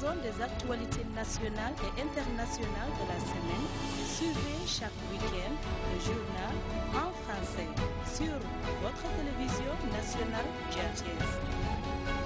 des actualités nationales et internationales de la semaine, suivez chaque week-end le journal en français sur votre télévision nationale GRS.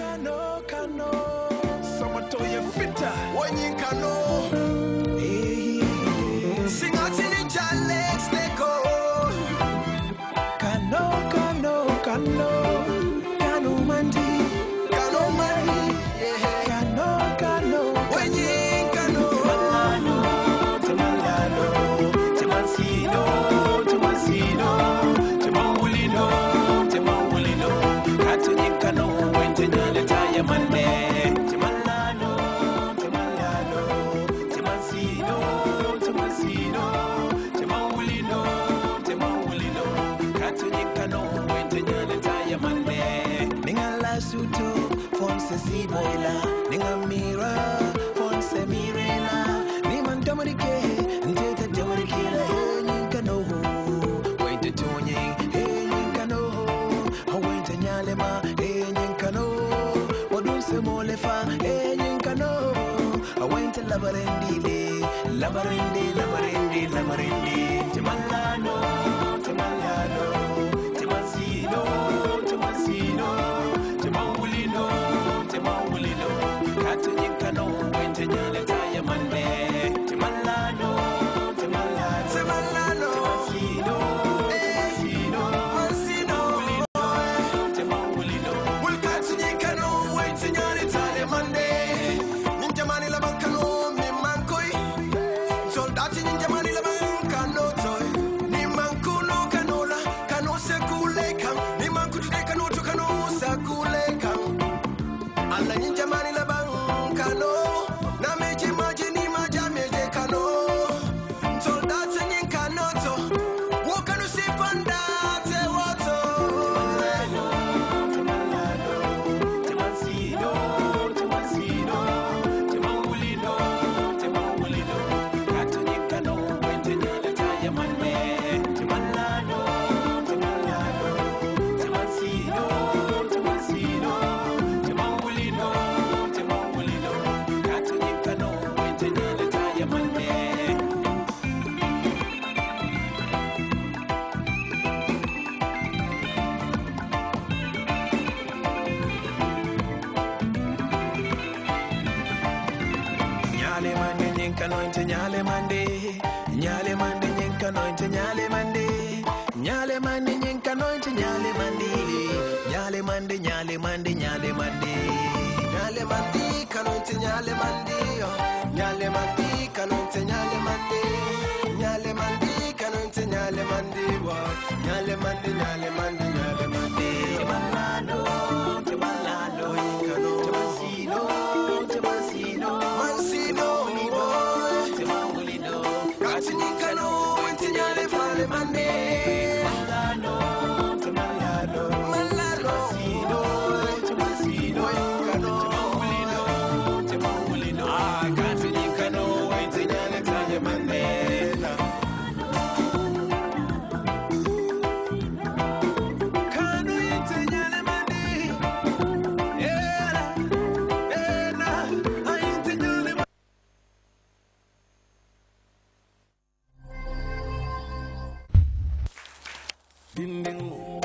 kano kano, kano. Sama Wanyi kano. boila ninga mira fonse mirena ni man damarike nje ta damarike la yin kano wait to tonye yin kano ho wait to nyalema yin kano wadun se molefa yin kano wait to labarendile labarendile Alla ninja ñenkanointe ñaale mande ñaale mande ñenkanointe ñaale mande ñaale mande ñenkanointe ñaale mande ñaale mande ñaale mande ñaale mande ñaale mande kanointe ñaale mande ñaale mande kanointe ñaale mande ñaale mande kanointe ñaale mande ñaale mande ñaale mande 金苹果。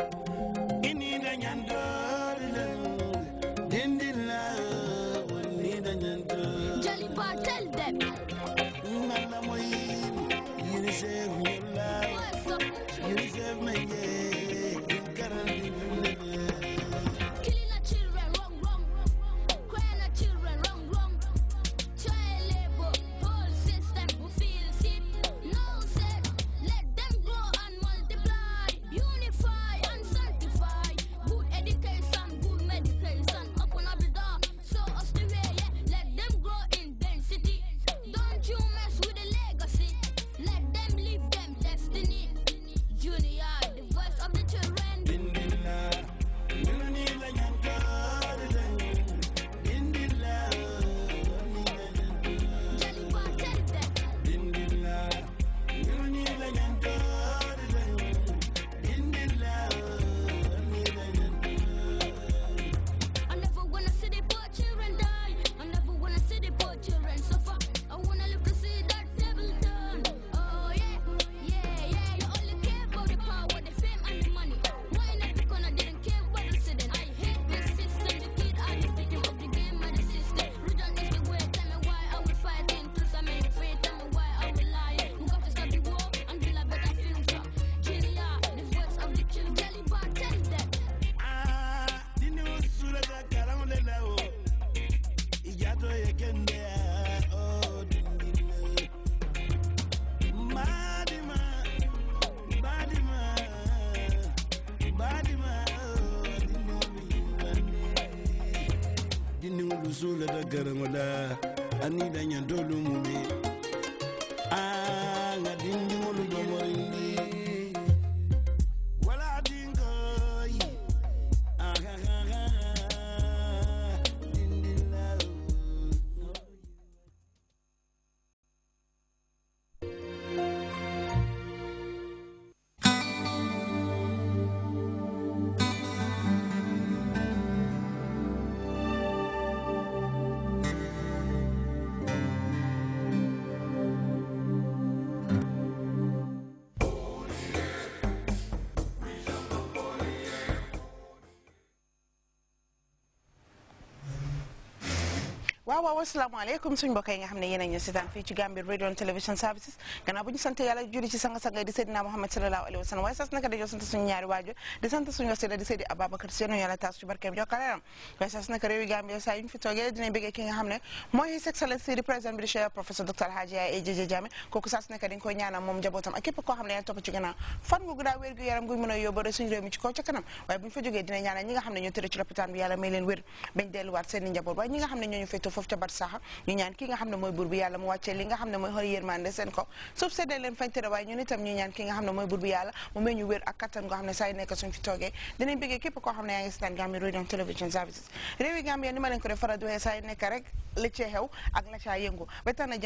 dini ngulu sula da garangoda anida nyandolu mumi ah ngadinja waaw waaw asalaamaaleykum suñu mbokk yi nga xam ne yéen a ñu seetaan fii ci Gambia radio and television services gannaaw bu ñu sant yàlla julli ci sanga-sanga di Seydina Muhammad sallallahu alayhi wa sallam waaye sas naka dañoo sant suñu ñaari waajur di sant suñu wasila di Seydi Ababacar Sy yéen yàlla taas ci barkeem jokkaleeram waaye sas nga ñu fa ci lopitaan bi yàlla may leen wér bañ delluwaat seen i njaboot waaye ñi nga foofu ca bat saxa ñu ñaan ki nga xam ne mooy buur yàlla mu wàccee li nga xam ne mooy xol yërmande seen ko suuf seddee fañ tere waaye ñun itam ñu ñaan ki nga xam ne mooy buur yàlla mu may ñu wér ak kattan koo xam ne saa yu nekk fi toogee dinañ bëggee képp koo xam ne yaa ngi seetaan Gambia Radio Television Services réew yi Gambia ni ma leen ko def faral di waxee rek la cee xew ak la caa yëngu ba tax na